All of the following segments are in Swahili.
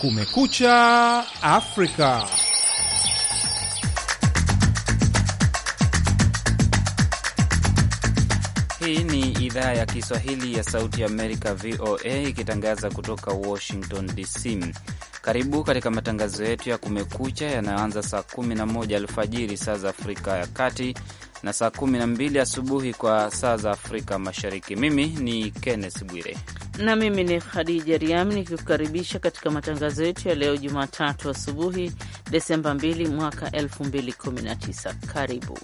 Kumekucha Afrika. Hii ni idhaa ya Kiswahili ya Sauti ya Amerika, VOA, ikitangaza kutoka Washington DC. Karibu katika matangazo yetu ya Kumekucha yanayoanza saa 11 alfajiri saa za Afrika ya Kati na saa 12 asubuhi kwa saa za Afrika Mashariki. Mimi ni Kenneth Bwire na mimi ni Khadija Riami nikikukaribisha katika matangazo yetu ya leo Jumatatu asubuhi, Desemba 2 mwaka 2019. Karibu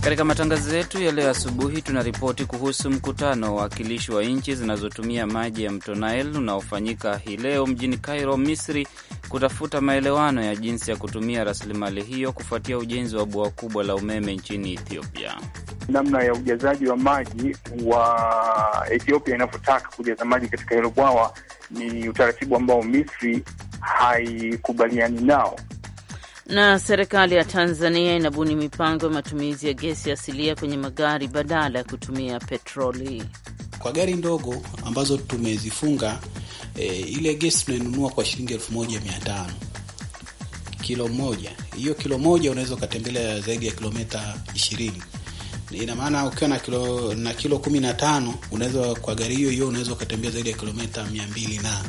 Katika matangazo yetu ya leo asubuhi, tunaripoti kuhusu mkutano wa wakilishi wa nchi zinazotumia maji ya mto Nile unaofanyika hii leo mjini Cairo, Misri, kutafuta maelewano ya jinsi ya kutumia rasilimali hiyo kufuatia ujenzi wa bwawa kubwa la umeme nchini Ethiopia. Namna ya ujazaji wa maji wa Ethiopia inavyotaka kujaza maji katika hilo bwawa ni utaratibu ambao Misri haikubaliani nao. Na serikali ya Tanzania inabuni mipango ya matumizi ya gesi asilia kwenye magari badala ya kutumia petroli. Kwa gari ndogo ambazo tumezifunga, e, ile gesi tunainunua kwa shilingi elfu moja mia tano kilo moja. Hiyo kilo moja unaweza ukatembelea zaidi ya kilometa ishirini. Ina maana ukiwa na kilo na kilo kumi na tano unaweza kwa gari hiyo hiyo unaweza ukatembea zaidi ya kilometa mia mbili na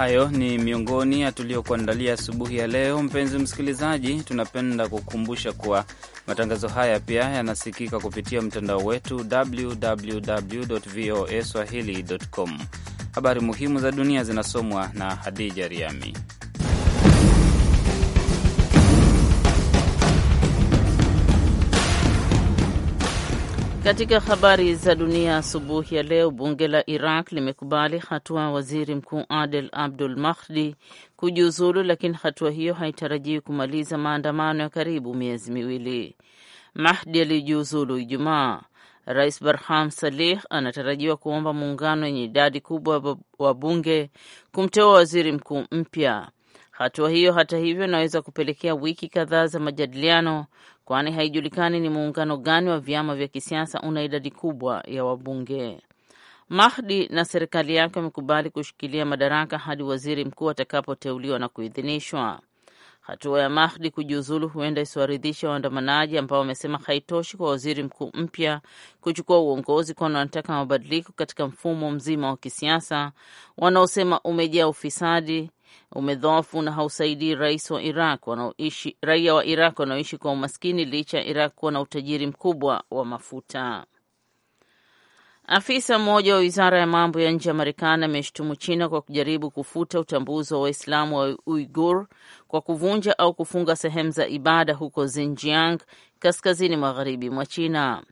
Hayo ni miongoni ya tuliyokuandalia asubuhi ya leo. Mpenzi msikilizaji, tunapenda kukumbusha kuwa matangazo haya pia yanasikika kupitia mtandao wetu www voa swahili com. Habari muhimu za dunia zinasomwa na Hadija Riami. Katika habari za dunia asubuhi ya leo, bunge la Iraq limekubali hatua waziri mkuu Adel Abdul Mahdi kujiuzulu, lakini hatua hiyo haitarajiwi kumaliza maandamano ya karibu miezi miwili. Mahdi alijiuzulu Ijumaa. Rais Barham Salih anatarajiwa kuomba muungano wenye idadi kubwa wa bunge kumteua waziri mkuu mpya. Hatua hiyo hata hivyo inaweza kupelekea wiki kadhaa za majadiliano kwani haijulikani ni muungano gani wa vyama vya kisiasa una idadi kubwa ya wabunge. Mahdi na serikali yake wamekubali kushikilia madaraka hadi waziri mkuu atakapoteuliwa na kuidhinishwa. Hatua ya Mahdi kujiuzulu huenda isiwaridhisha waandamanaji ambao wamesema haitoshi kwa waziri mkuu mpya kuchukua uongozi, kwani wanataka mabadiliko katika mfumo mzima wa kisiasa wanaosema umejaa ufisadi, umedhoofu na hausaidii raia wa Iraq wanaoishi kwa umaskini licha ya Iraq kuwa na utajiri mkubwa wa mafuta. Afisa mmoja wa wizara ya mambo ya nje ya Marekani ameshutumu China kwa kujaribu kufuta utambuzi wa Waislamu wa Uigur kwa kuvunja au kufunga sehemu za ibada huko Xinjiang, kaskazini magharibi mwa China.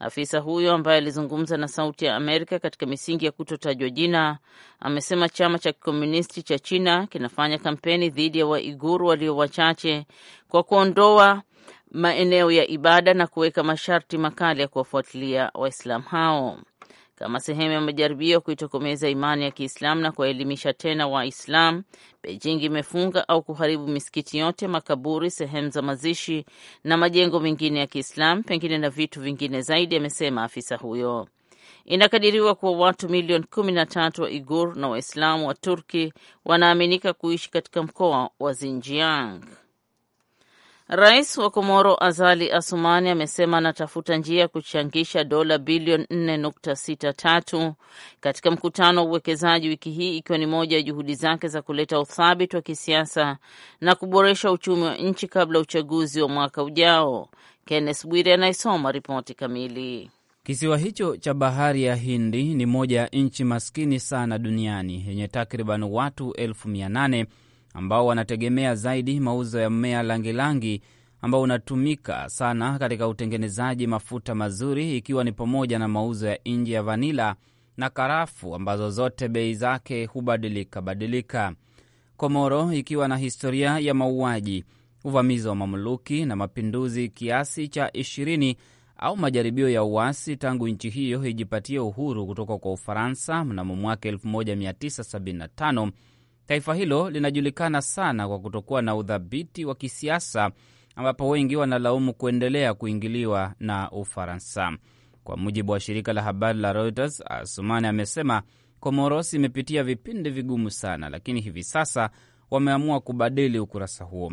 Afisa huyo ambaye alizungumza na Sauti ya Amerika katika misingi ya kutotajwa jina amesema chama cha kikomunisti cha China kinafanya kampeni dhidi ya Waiguru walio wachache kwa kuondoa maeneo ya ibada na kuweka masharti makali ya kuwafuatilia Waislamu hao kama sehemu ya majaribio ya kuitokomeza imani ya Kiislamu na kuwaelimisha tena Waislamu, Beijing imefunga au kuharibu misikiti yote, makaburi, sehemu za mazishi na majengo mengine ya Kiislamu, pengine na vitu vingine zaidi, amesema afisa huyo. Inakadiriwa kuwa watu milioni kumi na tatu wa Igur na Waislamu wa Turki wanaaminika kuishi katika mkoa wa Zinjiang. Rais wa Komoro Azali Asumani amesema anatafuta njia ya kuchangisha dola bilioni 4.63 katika mkutano wa uwekezaji wiki hii, ikiwa ni moja ya juhudi zake za kuleta uthabiti wa kisiasa na kuboresha uchumi wa nchi kabla ya uchaguzi wa mwaka ujao. Kenneth Bwire anayesoma ripoti kamili. Kisiwa hicho cha bahari ya Hindi ni moja ya nchi maskini sana duniani yenye takriban watu elfu mia nane ambao wanategemea zaidi mauzo ya mmea langilangi ambao unatumika sana katika utengenezaji mafuta mazuri, ikiwa ni pamoja na mauzo ya nje ya vanila na karafu ambazo zote bei zake hubadilika badilika. Komoro ikiwa na historia ya mauaji, uvamizi wa mamluki na mapinduzi kiasi cha ishirini au majaribio ya uasi tangu nchi hiyo ijipatie uhuru kutoka kwa Ufaransa mnamo mwaka 1975 Taifa hilo linajulikana sana kwa kutokuwa na udhabiti wa kisiasa, ambapo wengi wanalaumu kuendelea kuingiliwa na Ufaransa. Kwa mujibu wa shirika la habari la Reuters, Asumani amesema Komoros imepitia vipindi vigumu sana, lakini hivi sasa wameamua kubadili ukurasa huo.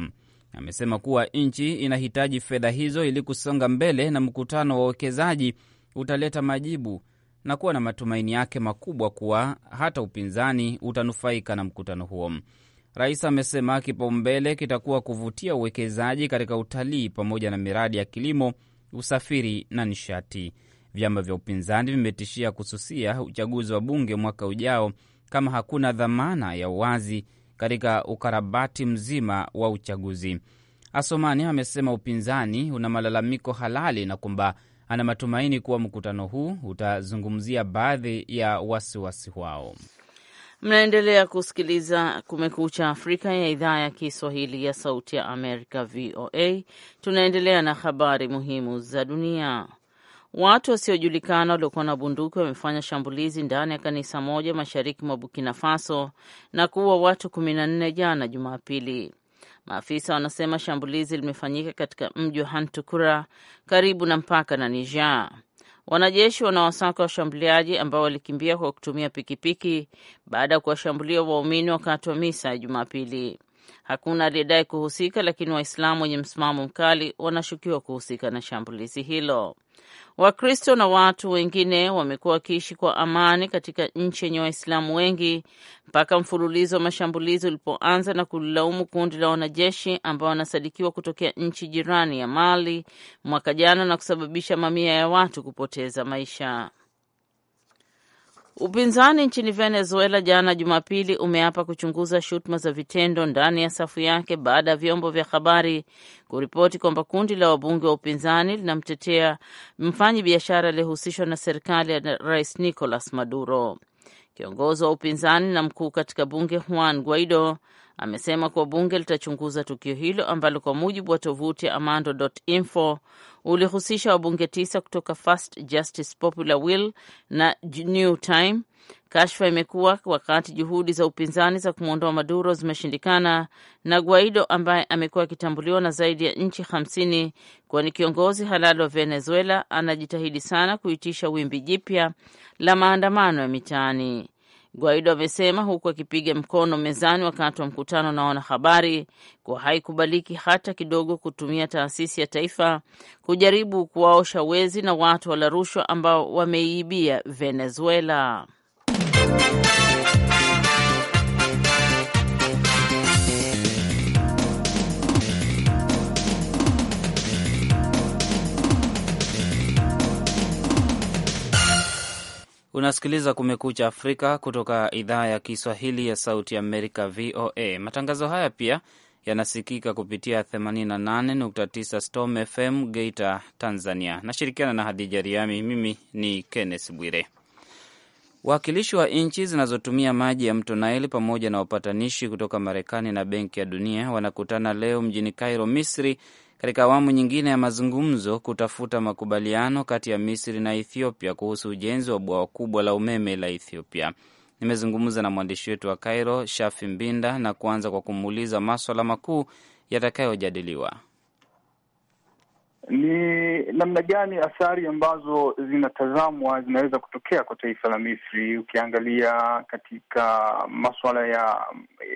Amesema kuwa nchi inahitaji fedha hizo ili kusonga mbele na mkutano wa wawekezaji utaleta majibu na kuwa na matumaini yake makubwa kuwa hata upinzani utanufaika na mkutano huo. Rais amesema kipaumbele kitakuwa kuvutia uwekezaji katika utalii pamoja na miradi ya kilimo, usafiri na nishati. Vyama vya upinzani vimetishia kususia uchaguzi wa bunge mwaka ujao kama hakuna dhamana ya uwazi katika ukarabati mzima wa uchaguzi. Asomani amesema upinzani una malalamiko halali na kwamba ana matumaini kuwa mkutano huu utazungumzia baadhi ya wasiwasi wao. Mnaendelea kusikiliza Kumekucha Afrika ya idhaa ya Kiswahili ya Sauti ya Amerika, VOA. Tunaendelea na habari muhimu za dunia. Watu wasiojulikana waliokuwa na bunduki wamefanya shambulizi ndani ya kanisa moja mashariki mwa Burkina Faso na kuua watu kumi na nne jana Jumapili. Maafisa wanasema shambulizi limefanyika katika mji wa Hantukura karibu na mpaka na Niger. Wanajeshi wanawasaka washambuliaji ambao walikimbia kwa kutumia pikipiki baada ya kuwashambulia waumini wakati wa misa ya Jumapili. Hakuna aliyedai kuhusika, lakini Waislamu wenye msimamo mkali wanashukiwa kuhusika na shambulizi hilo. Wakristo na watu wengine wamekuwa wakiishi kwa amani katika nchi yenye Waislamu wengi mpaka mfululizo wa mashambulizi ulipoanza na kulilaumu kundi la wanajeshi ambao wanasadikiwa kutokea nchi jirani ya Mali mwaka jana na kusababisha mamia ya watu kupoteza maisha. Upinzani nchini Venezuela jana Jumapili umeapa kuchunguza shutuma za vitendo ndani ya safu yake baada ya vyombo vya habari kuripoti kwamba kundi la wabunge wa upinzani linamtetea mfanyi biashara aliyehusishwa na serikali ya Rais Nicolas Maduro. Kiongozi wa upinzani na mkuu katika bunge Juan Guaido amesema kuwa bunge litachunguza tukio hilo ambalo kwa mujibu wa tovuti ya amando.info ulihusisha wabunge tisa kutoka Fast Justice, Popular Will na New Time. Kashfa imekuwa wakati juhudi za upinzani za kumwondoa Maduro zimeshindikana na Guaido ambaye amekuwa akitambuliwa na zaidi ya nchi hamsini kuwa ni kiongozi halali wa Venezuela anajitahidi sana kuitisha wimbi jipya la maandamano ya mitaani. Guaido amesema huku akipiga mkono mezani wakati wa mkutano na wanahabari kuwa haikubaliki hata kidogo kutumia taasisi ya taifa kujaribu kuwaosha wezi na watu wala rushwa ambao wameiibia Venezuela. Unasikiliza Kumekucha Afrika kutoka idhaa ya Kiswahili ya Sauti Amerika, VOA. Matangazo haya pia yanasikika kupitia 88.9 Storm FM Geita, Tanzania. Nashirikiana na Hadija Riami. Mimi ni Kenneth Bwire. Wawakilishi wa nchi zinazotumia maji ya mto Nile pamoja na wapatanishi kutoka Marekani na Benki ya Dunia wanakutana leo mjini Cairo, Misri, katika awamu nyingine ya mazungumzo kutafuta makubaliano kati ya Misri na Ethiopia kuhusu ujenzi wa bwawa kubwa la umeme la Ethiopia. Nimezungumza na mwandishi wetu wa Cairo, Shafi Mbinda, na kuanza kwa kumuuliza maswala makuu yatakayojadiliwa ni namna gani athari ambazo zinatazamwa zinaweza kutokea kwa taifa la Misri, ukiangalia katika masuala ya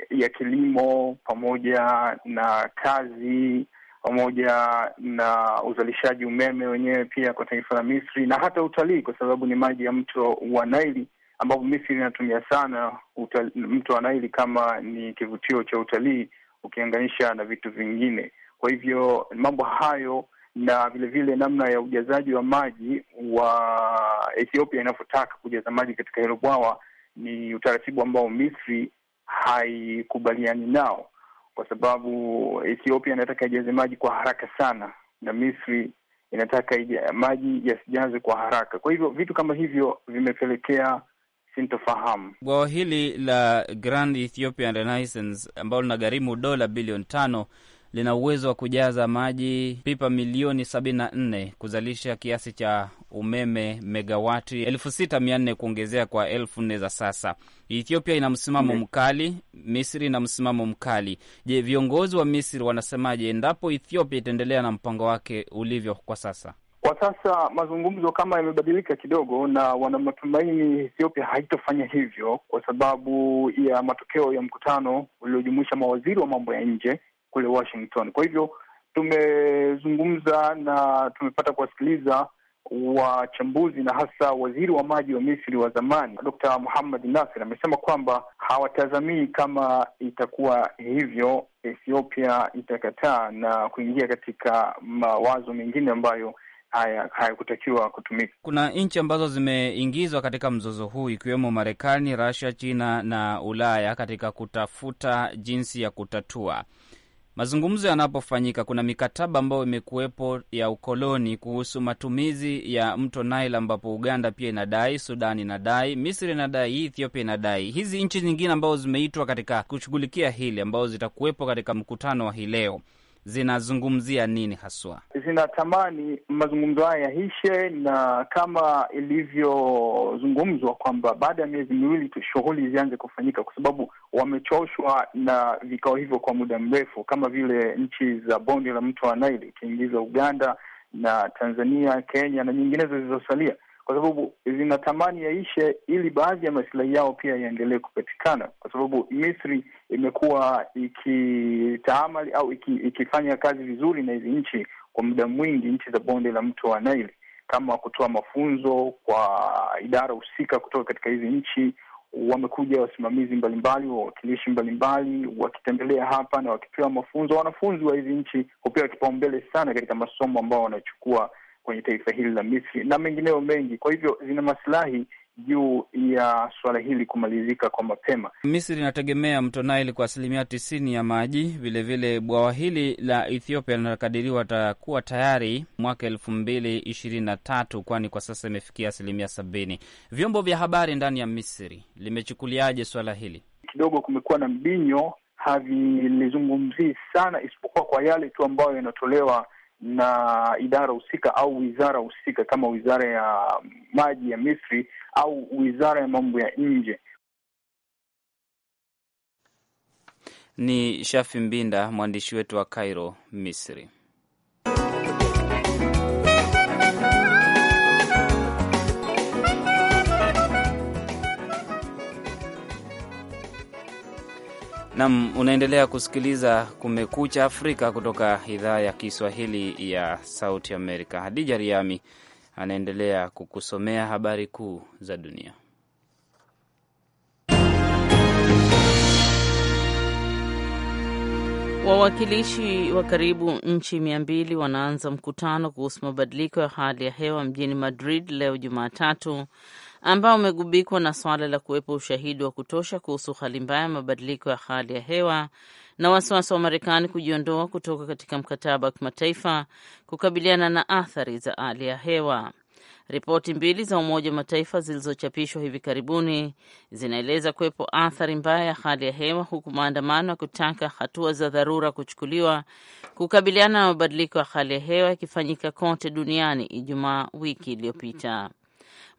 ya kilimo pamoja na kazi pamoja na uzalishaji umeme wenyewe pia kwa taifa la Misri na hata utalii, kwa sababu ni maji ya mto wa Naili ambapo Misri inatumia sana mto wa Naili kama ni kivutio cha utalii ukianganisha na vitu vingine. Kwa hivyo mambo hayo na vilevile vile namna ya ujazaji wa maji wa Ethiopia inavyotaka kujaza maji katika hilo bwawa ni utaratibu ambao Misri haikubaliani nao kwa sababu Ethiopia inataka ijaze maji kwa haraka sana na Misri inataka ija, maji yasijaze kwa haraka. Kwa hivyo vitu kama hivyo vimepelekea sintofahamu. Bwawa hili la Grand Ethiopian Renaissance ambalo linagharimu dola bilioni tano lina uwezo wa kujaza maji pipa milioni 74 kuzalisha kiasi cha umeme megawati 6400 kuongezea kwa elfu nne za sasa. Ethiopia ina msimamo mm-hmm. mkali, Misri ina msimamo mkali. Je, viongozi wa Misri wanasemaje endapo Ethiopia itaendelea na mpango wake ulivyo kwa sasa? Kwa sasa mazungumzo kama yamebadilika kidogo, na wana matumaini Ethiopia haitofanya hivyo kwa sababu ya matokeo ya mkutano uliojumuisha mawaziri wa mambo ya nje kule Washington. Kwa hivyo tumezungumza na tumepata kuwasikiliza wachambuzi na hasa waziri wa maji wa Misri wa zamani Dr. Muhammad Nasir amesema kwamba hawatazamii kama itakuwa hivyo, Ethiopia itakataa na kuingia katika mawazo mengine ambayo hayakutakiwa haya kutumika. Kuna nchi ambazo zimeingizwa katika mzozo huu ikiwemo Marekani, Russia, China na Ulaya katika kutafuta jinsi ya kutatua mazungumzo yanapofanyika, kuna mikataba ambayo imekuwepo ya ukoloni kuhusu matumizi ya mto Nile, ambapo Uganda pia inadai, Sudan inadai, Misri inadai, Ethiopia inadai, hizi nchi nyingine ambazo zimeitwa katika kushughulikia hili, ambazo zitakuwepo katika mkutano wa hii leo zinazungumzia nini haswa? Zinatamani mazungumzo haya yaishe, na kama ilivyozungumzwa kwamba baada ya miezi miwili shughuli zianze kufanyika, kwa sababu wamechoshwa na vikao hivyo kwa muda mrefu, kama vile nchi za bonde la mto wa Naili ikiingiza Uganda na Tanzania, Kenya na nyinginezo zilizosalia kwa sababu zinatamani yaishe ili baadhi ya masilahi yao pia yaendelee kupatikana, kwa sababu Misri imekuwa ikitaamali au iki, ikifanya kazi vizuri na hizi nchi kwa muda mwingi, nchi za bonde la mto wa Nile, kama kutoa mafunzo kwa idara husika kutoka katika hizi nchi. Wamekuja wasimamizi mbalimbali, wawakilishi mbalimbali, wakitembelea hapa na wakipewa mafunzo. Wanafunzi wa hizi nchi hupewa kipaumbele sana katika masomo ambao wanachukua kwenye taifa hili la Misri na mengineo mengi. Kwa hivyo zina masilahi juu ya suala hili kumalizika kwa mapema. Misri inategemea mto Nile kwa asilimia tisini ya maji. Vilevile bwawa hili la Ethiopia linakadiriwa takuwa tayari mwaka elfu mbili ishirini na tatu kwani kwa sasa imefikia asilimia sabini. Vyombo vya habari ndani ya Misri limechukuliaje suala hili? Kidogo kumekuwa na mbinyo, havilizungumzii sana, isipokuwa kwa yale tu ambayo yanatolewa na idara husika au wizara husika kama wizara ya maji ya Misri au wizara ya mambo ya nje. Ni Shafi Mbinda, mwandishi wetu wa Cairo, Misri. Nam, unaendelea kusikiliza Kumekucha Afrika kutoka idhaa ya Kiswahili ya Sauti Amerika. Hadija Riami anaendelea kukusomea habari kuu za dunia. Wawakilishi wa karibu nchi mia mbili wanaanza mkutano kuhusu mabadiliko ya hali ya hewa mjini Madrid leo Jumatatu ambao umegubikwa na suala la kuwepo ushahidi wa kutosha kuhusu hali mbaya ya mabadiliko ya hali ya hewa na wasiwasi wa Marekani kujiondoa kutoka katika mkataba wa kimataifa kukabiliana na athari za hali ya hewa. Ripoti mbili za Umoja wa Mataifa zilizochapishwa hivi karibuni zinaeleza kuwepo athari mbaya ya hali ya hewa, huku maandamano ya kutaka hatua za dharura kuchukuliwa kukabiliana na mabadiliko ya hali ya hewa yakifanyika kote duniani Ijumaa wiki iliyopita.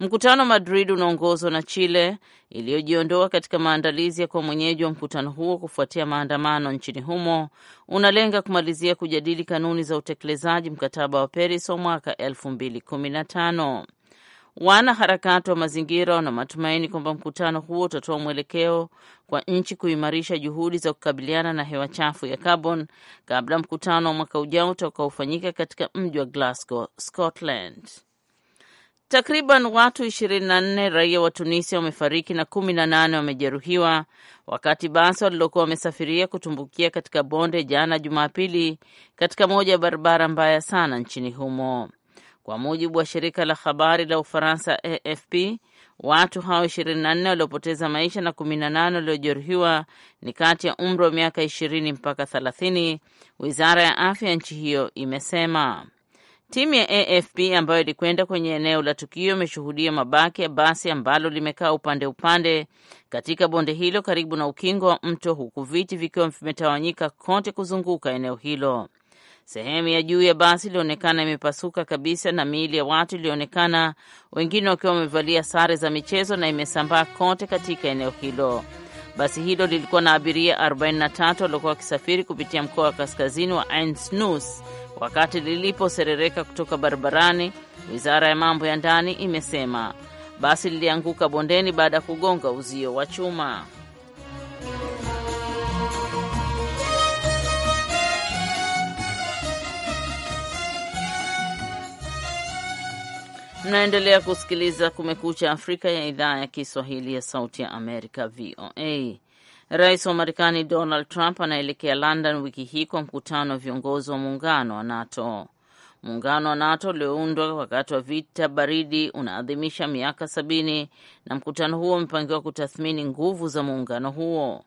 Mkutano wa Madrid unaongozwa na Chile iliyojiondoa katika maandalizi ya kuwa mwenyeji wa mkutano huo kufuatia maandamano nchini humo, unalenga kumalizia kujadili kanuni za utekelezaji mkataba wa Paris wa mwaka 2015. Wanaharakati wa mazingira wana matumaini kwamba mkutano huo utatoa mwelekeo kwa nchi kuimarisha juhudi za kukabiliana na hewa chafu ya carbon kabla mkutano wa mwaka ujao utakaofanyika katika mji wa Glasgow, Scotland. Takriban watu 24 raia wa Tunisia wamefariki na 18 wamejeruhiwa wakati basi walilokuwa wamesafiria kutumbukia katika bonde jana Jumapili katika moja ya barabara mbaya sana nchini humo. Kwa mujibu wa shirika la habari la Ufaransa AFP, watu hao 24 waliopoteza maisha na 18 waliojeruhiwa ni kati ya umri wa miaka 20 mpaka 30, wizara ya afya ya nchi hiyo imesema. Timu ya AFP ambayo ilikwenda kwenye eneo la tukio imeshuhudia mabaki ya basi ambalo limekaa upande upande katika bonde hilo karibu na ukingo wa mto, huku viti vikiwa vimetawanyika kote kuzunguka eneo hilo. Sehemu ya juu ya basi ilionekana imepasuka kabisa na miili ya watu ilionekana, wengine wakiwa wamevalia sare za michezo na imesambaa kote katika eneo hilo. Basi hilo lilikuwa na abiria 43 waliokuwa wakisafiri kupitia mkoa wa kaskazini wa Ain Snus wakati liliposerereka kutoka barabarani, wizara ya mambo ya ndani imesema. Basi lilianguka bondeni baada ya kugonga uzio wa chuma. Mnaendelea kusikiliza Kumekucha Afrika ya idhaa ya Kiswahili ya Sauti ya Amerika, VOA. Rais wa Marekani Donald Trump anaelekea London wiki hii kwa mkutano wa viongozi wa muungano wa NATO. Muungano wa NATO ulioundwa wakati wa vita baridi unaadhimisha miaka sabini na mkutano huo umepangiwa kutathmini nguvu za muungano huo.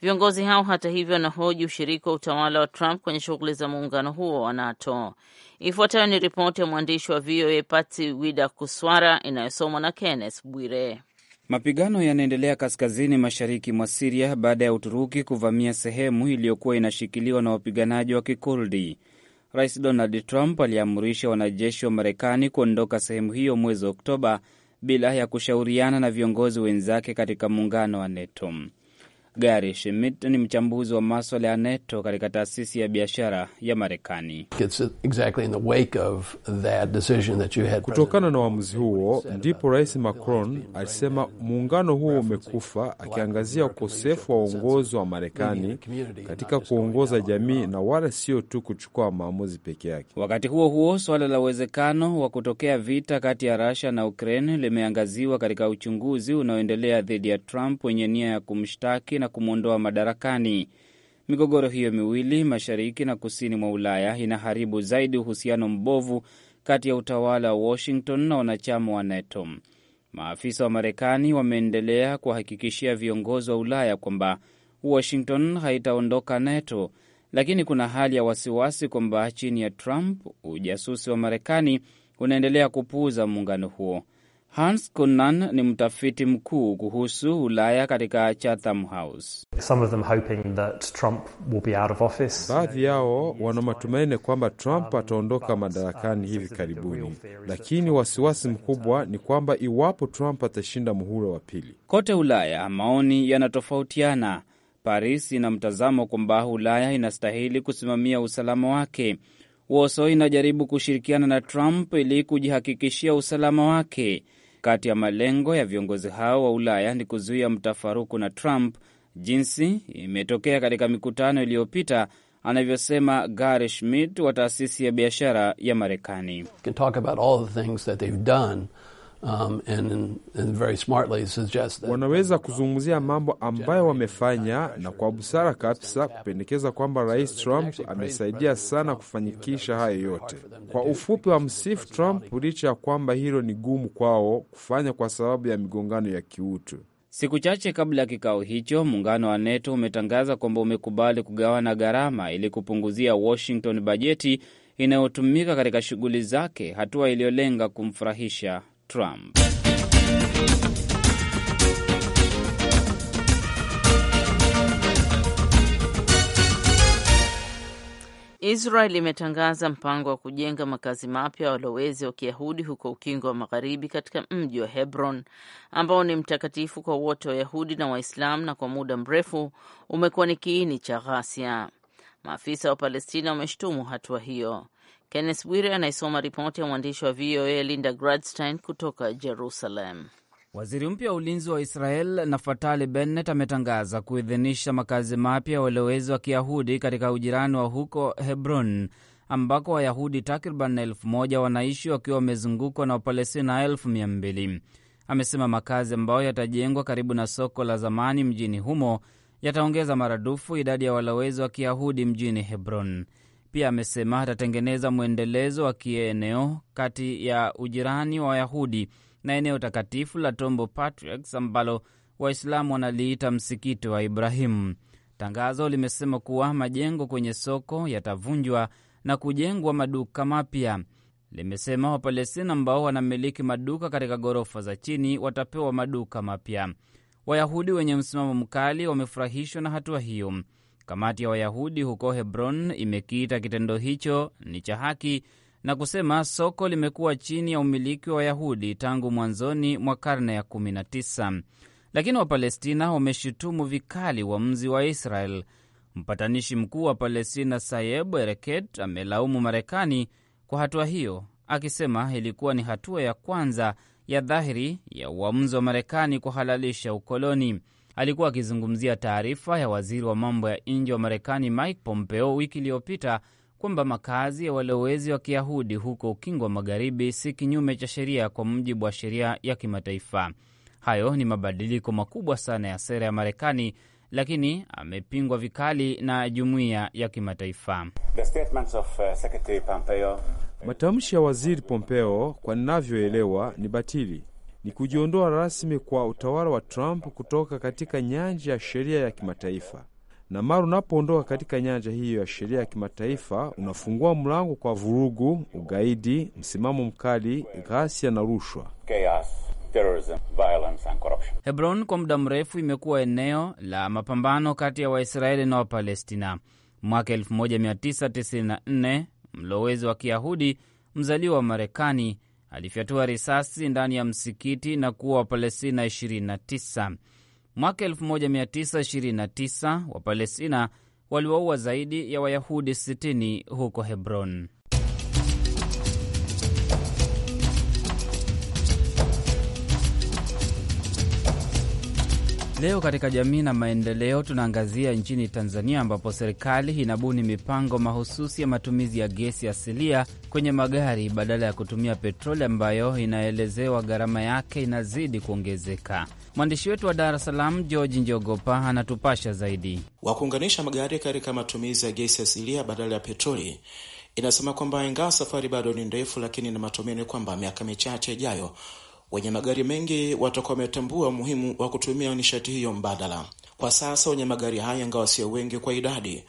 Viongozi hao hata hivyo wanahoji ushiriki wa utawala wa Trump kwenye shughuli za muungano huo wa NATO. Ifuatayo ni ripoti ya mwandishi wa VOA pati Wida Kuswara inayosomwa na Kenneth Bwire. Mapigano yanaendelea kaskazini mashariki mwa Siria baada ya Uturuki kuvamia sehemu iliyokuwa inashikiliwa na wapiganaji wa Kikurdi. Rais Donald Trump aliamrisha wanajeshi wa Marekani kuondoka sehemu hiyo mwezi Oktoba bila ya kushauriana na viongozi wenzake katika muungano wa NATO. Gary Schmidt ni mchambuzi wa maswala ya nato katika taasisi ya biashara ya Marekani. Exactly kutokana na uamuzi huo ndipo Rais Macron alisema muungano huo umekufa, akiangazia ukosefu wa uongozi wa Marekani katika kuongoza jamii na wala sio tu kuchukua maamuzi peke yake. Wakati huo huo, suala la uwezekano wa kutokea vita kati ya rusia na Ukraine limeangaziwa katika uchunguzi unaoendelea dhidi ya Trump wenye nia ya kumshtaki na na kumwondoa madarakani. Migogoro hiyo miwili mashariki na kusini mwa Ulaya inaharibu zaidi uhusiano mbovu kati ya utawala wa Washington na wanachama wa NATO. Maafisa wa Marekani wameendelea kuwahakikishia viongozi wa Ulaya kwamba Washington haitaondoka NATO, lakini kuna hali ya wasiwasi kwamba chini ya Trump ujasusi wa Marekani unaendelea kupuuza muungano huo. Hans Cunan ni mtafiti mkuu kuhusu Ulaya katika Chatham House. Baadhi yao wana matumaini kwamba Trump ataondoka madarakani hivi karibuni, lakini wasiwasi mkubwa ni kwamba iwapo Trump atashinda muhula wa pili. Kote Ulaya maoni yanatofautiana. Paris ina mtazamo kwamba Ulaya inastahili kusimamia usalama wake. woso inajaribu kushirikiana na Trump ili kujihakikishia usalama wake. Kati ya malengo ya viongozi hao wa Ulaya ni kuzuia mtafaruku na Trump, jinsi imetokea katika mikutano iliyopita, anavyosema Gary Schmidt wa taasisi ya biashara ya Marekani. Um, and, and very smartly suggest that wanaweza uh, kuzungumzia mambo ambayo wamefanya na kwa busara kabisa kupendekeza kwamba Rais Trump amesaidia sana kufanikisha hayo yote. Kwa ufupi wa msifu Trump, licha ya kwamba hilo ni gumu kwao kufanya kwa sababu ya migongano ya kiutu. Siku chache kabla ya kikao hicho, muungano wa NATO umetangaza kwamba umekubali kugawana gharama ili kupunguzia Washington bajeti inayotumika katika shughuli zake, hatua iliyolenga kumfurahisha Trump. Israel imetangaza mpango wa kujenga makazi mapya walowezi wa Kiyahudi huko Ukingo wa Magharibi katika mji wa Hebron ambao ni mtakatifu kwa wote Wayahudi na Waislamu na kwa muda mrefu umekuwa ni kiini cha ghasia. Maafisa wa Palestina wameshtumu hatua hiyo. Kennes Bwire anayesoma ripoti ya mwandishi wa VOA Linda Gradstein kutoka Jerusalem. Waziri mpya wa ulinzi wa Israel Naftali Bennett ametangaza kuidhinisha makazi mapya ya walowezi wa Kiyahudi katika ujirani wa huko Hebron, ambako Wayahudi takriban elfu moja wanaishi wakiwa wamezungukwa na Wapalestina elfu mia mbili. Amesema makazi ambayo yatajengwa karibu na soko la zamani mjini humo yataongeza maradufu idadi ya walowezi wa Kiyahudi mjini Hebron. Pia amesema atatengeneza mwendelezo wa kieneo kati ya ujirani wa Wayahudi na eneo takatifu la Tombo Patriarchs ambalo Waislamu wanaliita msikiti wa Ibrahimu. Tangazo limesema kuwa majengo kwenye soko yatavunjwa na kujengwa maduka mapya. Limesema Wapalestina ambao wanamiliki maduka katika ghorofa za chini watapewa maduka mapya. Wayahudi wenye msimamo mkali wamefurahishwa na hatua hiyo. Kamati ya Wayahudi huko Hebron imekiita kitendo hicho ni cha haki na kusema soko limekuwa chini ya umiliki wa Wayahudi tangu mwanzoni mwa karne ya 19. Lakini Wapalestina wameshutumu vikali uamuzi wa, Israel. Mpatanishi mkuu wa Palestina Sayeb Ereket amelaumu Marekani kwa hatua hiyo, akisema ilikuwa ni hatua ya kwanza ya dhahiri ya uamuzi wa Marekani kuhalalisha ukoloni alikuwa akizungumzia taarifa ya waziri wa mambo ya nje wa Marekani Mike Pompeo wiki iliyopita kwamba makazi ya walowezi wa Kiyahudi huko Ukingo wa Magharibi si kinyume cha sheria kwa mujibu wa sheria ya kimataifa. Hayo ni mabadiliko makubwa sana ya sera ya Marekani, lakini amepingwa vikali na jumuiya ya kimataifa. Uh, Matamshi ya waziri Pompeo, kwa ninavyoelewa, ni batili ni kujiondoa rasmi kwa utawala wa Trump kutoka katika nyanja ya sheria ya kimataifa. Na mara unapoondoka katika nyanja hiyo ya sheria ya kimataifa, unafungua mlango kwa vurugu, ugaidi, msimamo mkali, ghasia na rushwa. Hebron kwa muda mrefu imekuwa eneo la mapambano kati ya Waisraeli na Wapalestina. Mwaka 1994 mlowezi wa Kiyahudi mzaliwa wa Marekani alifyatua risasi ndani ya msikiti na kuwa Wapalestina 29. Mwaka 1929 Wapalestina waliwaua zaidi ya Wayahudi 60 huko Hebron. Leo katika jamii na maendeleo tunaangazia nchini Tanzania ambapo serikali inabuni mipango mahususi ya matumizi ya gesi asilia kwenye magari badala ya kutumia petroli ambayo inaelezewa gharama yake inazidi kuongezeka. Mwandishi wetu wa Dar es Salaam George Njogopa anatupasha zaidi. wa kuunganisha magari katika matumizi ya gesi asilia badala ya petroli inasema kwamba ingawa safari bado ni ndefu, lakini na matumaini kwamba miaka michache ijayo wenye magari mengi watakuwa wametambua umuhimu wa kutumia nishati hiyo mbadala. Kwa sasa wenye magari haya, ingawa sio wengi kwa idadi,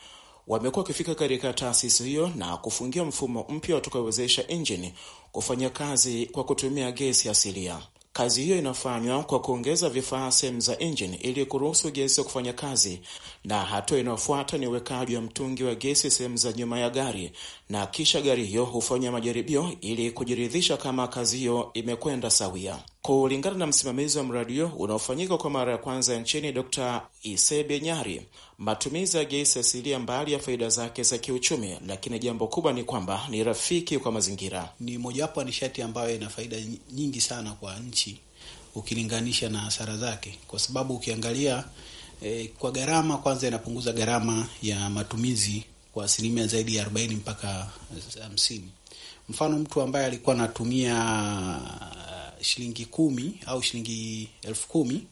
wamekuwa wakifika katika taasisi hiyo na kufungia mfumo mpya utakaowezesha injini kufanya kazi kwa kutumia gesi asilia. Kazi hiyo inafanywa kwa kuongeza vifaa sehemu za injini ili kuruhusu gesi ya kufanya kazi, na hatua inayofuata ni uwekaji wa mtungi wa gesi sehemu za nyuma ya gari, na kisha gari hiyo hufanya majaribio ili kujiridhisha kama kazi hiyo imekwenda sawia. Kulingana na msimamizi wa mradi huo unaofanyika kwa mara ya kwanza nchini, Dr. Isebe Nyari, matumizi ya gesi asilia, mbali ya faida zake za kiuchumi, lakini jambo kubwa ni kwamba ni rafiki kwa mazingira. Ni mojawapo ya nishati ambayo ina faida nyingi sana kwa nchi ukilinganisha na hasara zake, kwa sababu ukiangalia eh, kwa gharama kwanza, inapunguza gharama ya matumizi kwa asilimia zaidi ya 40 mpaka 50. Mfano, mtu ambaye alikuwa anatumia shilingi kumi au shilingi elfu kumi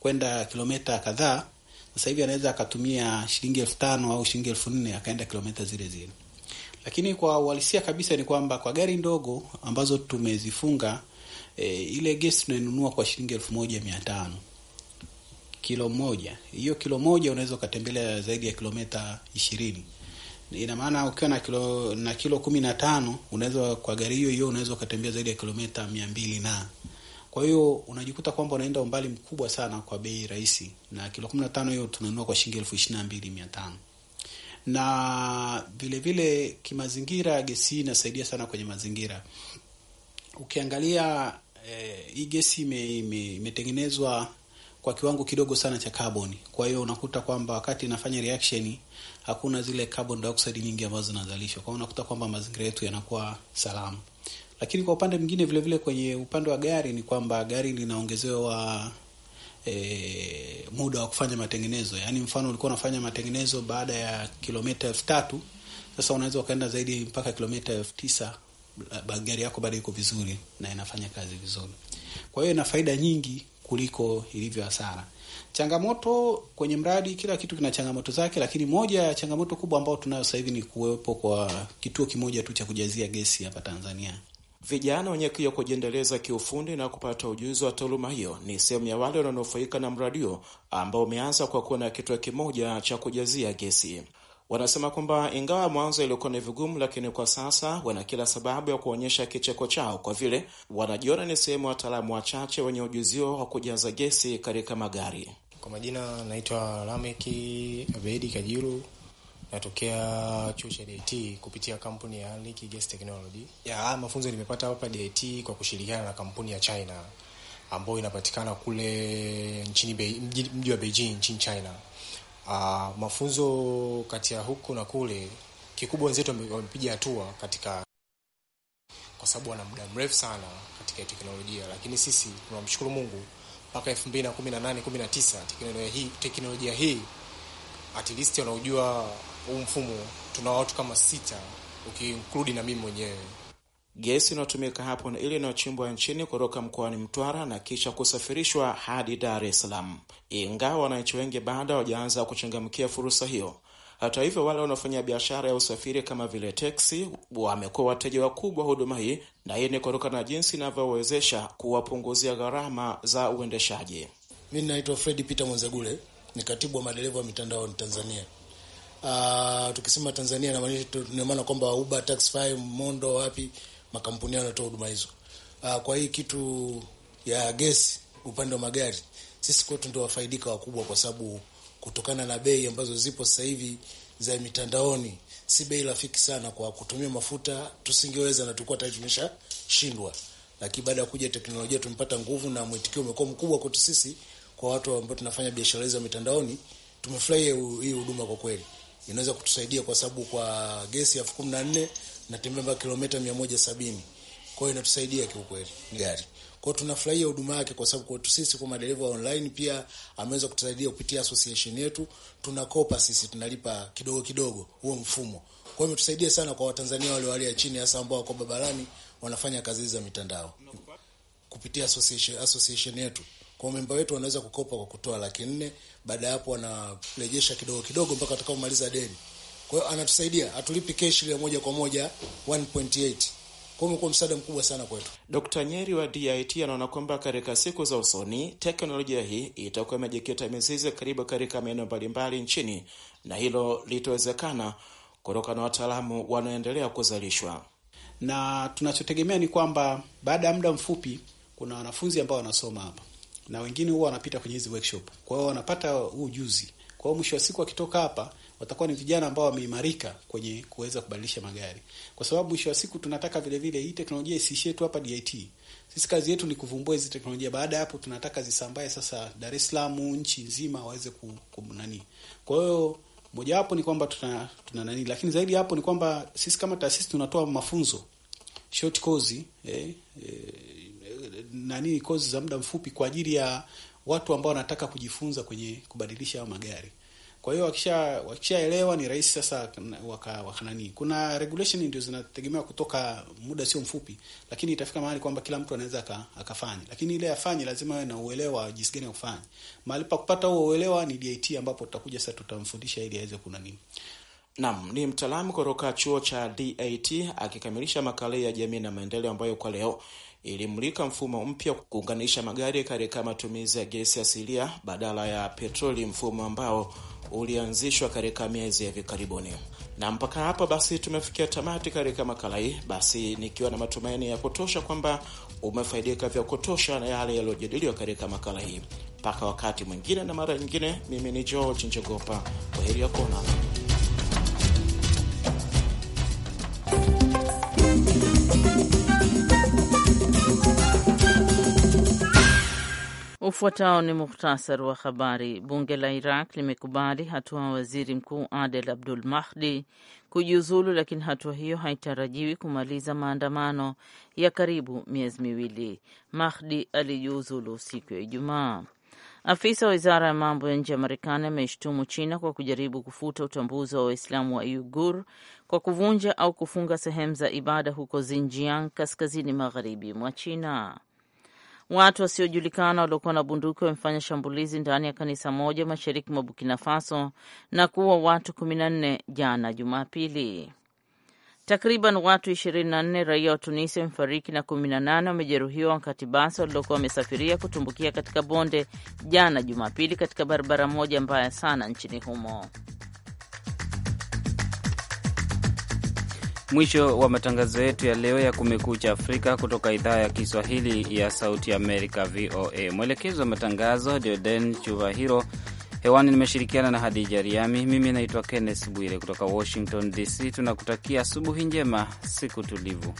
kwenda kilomita kadhaa, sasa hivi anaweza akatumia shilingi elfu tano au shilingi elfu nne akaenda kilomita zile zile. Lakini kwa uhalisia kabisa ni kwamba kwa gari ndogo ambazo tumezifunga e, ile gesi tunainunua kwa shilingi elfu moja mia tano kilo moja. Hiyo kilo moja unaweza ukatembelea zaidi ya kilomita ishirini. Ina maana ukiwa na kilo na kilo kumi na tano unaweza kwa gari hiyo hiyo unaweza ukatembea zaidi ya kilomita mia mbili na kwa hiyo unajikuta kwamba unaenda umbali mkubwa sana kwa bei rahisi, na kilo kumi na tano hiyo tunanunua kwa shilingi elfu ishirini na mbili mia tano na vilevile kimazingira, gesi hii inasaidia sana kwenye mazingira. Ukiangalia eh, hii gesi imetengenezwa me, me, kwa kiwango kidogo sana cha kaboni. Kwa hiyo unakuta kwamba wakati inafanya reaction hakuna zile carbon dioxide nyingi ambazo zinazalishwa. Kwa hiyo unakuta kwamba mazingira yetu yanakuwa salama, lakini kwa upande mwingine vile vile kwenye upande wa gari ni kwamba gari linaongezewa e, muda wa kufanya matengenezo. Yaani mfano ulikuwa unafanya matengenezo baada ya kilomita elfu tatu sasa unaweza ukaenda zaidi mpaka kilomita elfu tisa gari yako bado iko vizuri na inafanya kazi vizuri. Kwa hiyo ina faida nyingi kuliko ilivyo hasara. Changamoto kwenye mradi, kila kitu kina changamoto zake, lakini moja ya changamoto kubwa ambayo tunayo sasa hivi ni kuwepo kwa kituo kimoja tu cha kujazia gesi hapa Tanzania. Vijana wenye kio kujiendeleza kiufundi na kupata ujuzi wa taaluma hiyo ni sehemu ya wale wanaonufaika na mradi huo ambao umeanza kwa kuwa na kituo kimoja cha kujazia gesi. Wanasema kwamba ingawa mwanzo ilikuwa ni vigumu, lakini kwa sasa wana kila sababu ya kuonyesha kicheko chao kwa vile wanajiona ni sehemu ya wataalamu wachache wenye ujuzio wa kujaza gesi katika magari. Kwa majina naitwa Lameki Abedi Kajiru, natokea chuo cha DIT kupitia kampuni ya Liki Gas Technology. Ya haya mafunzo nimepata hapa DIT kwa kushirikiana na kampuni ya China ambayo inapatikana kule nchini mji wa Beijing nchini China. Uh, mafunzo kati ya huku na kule, kikubwa wenzetu wamepiga hatua katika, kwa sababu wana muda mrefu sana katika teknolojia, lakini sisi tunamshukuru Mungu mpaka 2018 19 teknolojia hii teknolojia hii at least wanaojua huu mfumo tuna watu kama sita, ukiinkludi na mimi mwenyewe Gesi inayotumika hapo na ile inayochimbwa nchini kutoka mkoani Mtwara na kisha kusafirishwa hadi Dar es Salaam, ingawa wananchi wengi baada wajaanza kuchangamkia fursa hiyo. Hata hivyo, wale wanaofanya biashara ya usafiri kama vile teksi wamekuwa wateja wakubwa huduma hii, na hii ni kutokana na jinsi inavyowezesha kuwapunguzia gharama za uendeshaji. Mi naitwa Fredi Peter Mwenzegule, ni katibu wa madereva wa ni Tanzania. Uh, tukisema Tanzania namaanisha maana kwamba Uber, Taxify, Mondo wapi makampuni yao yanatoa huduma hizo. Uh, Kwa hii kitu ya gesi upande wa magari, sisi kwetu ndio wafaidika wakubwa, kwa sababu kutokana na bei ambazo zipo sasa hivi za mitandaoni, si bei rafiki sana kwa kutumia mafuta. Tusingeweza na tulikuwa tayari tumeshashindwa, lakini baada ya kuja teknolojia tumepata nguvu na mwitikio umekuwa mkubwa kwetu sisi, kwa watu ambao tunafanya biashara hizo mitandaoni. Tumefurahia hii huduma kwa kweli, inaweza kutusaidia kwa sababu kwa gesi elfu kumi na nne natembea kilomita mia moja sabini kwa hiyo inatusaidia kiukweli, gari kwao, tunafurahia huduma yake kwa sababu kwetu sisi kwa madereva online pia ameweza kutusaidia kupitia association yetu, tunakopa sisi, tunalipa kidogo kidogo huo mfumo. Kwa hiyo imetusaidia sana kwa Watanzania wale walio chini, hasa ambao wako barabarani wanafanya kazi za mitandao kupitia association, association yetu kwa memba wetu wanaweza kukopa kwa kutoa laki nne. Baada ya hapo wanarejesha kidogo kidogo mpaka watakaomaliza deni. Kwa hiyo anatusaidia, hatulipi cash ile moja kwa moja 1.8. Kwa hiyo umekuwa msaada mkubwa sana kwetu. Dkt. Nyeri wa DIT anaona kwamba katika siku za usoni teknolojia hii itakuwa imejikita mizizi karibu katika maeneo mbalimbali nchini, na hilo litawezekana kutoka na wataalamu wanaoendelea kuzalishwa, na tunachotegemea ni kwamba baada ya muda mfupi kuna wanafunzi ambao wanasoma hapa na wengine huwa wanapita kwenye hizi workshop, kwa hiyo wanapata huu ujuzi. Kwa hiyo mwisho wa siku akitoka hapa watakuwa ni vijana ambao wameimarika kwenye kuweza kubadilisha magari, kwa sababu mwisho wa siku tunataka vile vile hii teknolojia isiishie tu hapa DIT. Sisi kazi yetu ni kuvumbua hizi teknolojia. Baada ya hapo, tunataka zisambae sasa Dar es Salaam, nchi nzima waweze kunani. Kwa hiyo mojawapo ni kwamba tuna, tuna nani, lakini zaidi hapo ni kwamba sisi kama taasisi tunatoa mafunzo short course, eh, eh, nani kozi za muda mfupi kwa ajili ya watu ambao wanataka kujifunza kwenye kubadilisha magari. Kwa hiyo wakisha wakishaelewa ni rahisi sasa waka, waka nani. Kuna regulation ndio zinategemewa kutoka muda sio mfupi, lakini itafika mahali kwamba kila mtu anaweza akafanya, lakini ile afanye lazima awe na uelewa jinsi gani ya kufanya. Mahali pa kupata huo uelewa ni DIT, ambapo tutakuja sasa tutamfundisha ili aweze kuna nini. Naam, ni mtaalamu kutoka chuo cha DIT akikamilisha makala ya jamii na maendeleo ambayo kwa leo ilimulika mfumo mpya kuunganisha magari katika matumizi ya gesi asilia badala ya petroli, mfumo ambao ulianzishwa katika miezi ya hivi karibuni. Na mpaka hapa basi tumefikia tamati katika makala hii, basi nikiwa na matumaini ya kutosha kwamba umefaidika vya kutosha na yale yaliyojadiliwa katika makala hii. Mpaka wakati mwingine na mara nyingine, mimi ni George Njogopa, kwa heri ya kuonana. Ufuatao ni muhtasari wa habari. Bunge la Iraq limekubali hatua ya waziri mkuu Adel Abdul Mahdi kujiuzulu, lakini hatua hiyo haitarajiwi kumaliza maandamano ya karibu miezi miwili. Mahdi alijiuzulu siku ya Ijumaa. Afisa wa wizara ya mambo ya nje ya Marekani ameishtumu China kwa kujaribu kufuta utambuzi wa Waislamu wa Uyghur kwa kuvunja au kufunga sehemu za ibada huko Xinjiang, kaskazini magharibi mwa China. Watu wasiojulikana waliokuwa na bunduki wamefanya shambulizi ndani ya kanisa moja mashariki mwa Burkina Faso na kuua watu kumi na nne jana Jumapili. Takriban watu 24 raia wa Tunisia wamefariki na 18 wamejeruhiwa wakati basi walilokuwa wamesafiria kutumbukia katika bonde jana Jumapili katika barabara moja mbaya sana nchini humo. Mwisho wa matangazo yetu ya leo ya Kumekucha Afrika kutoka idhaa ya Kiswahili ya Sauti Amerika, VOA. Mwelekezi wa matangazo Deoden Chuvahiro. Hewani nimeshirikiana na Hadija Riami. Mimi naitwa Kenneth Bwire kutoka Washington DC. Tunakutakia asubuhi njema, siku tulivu.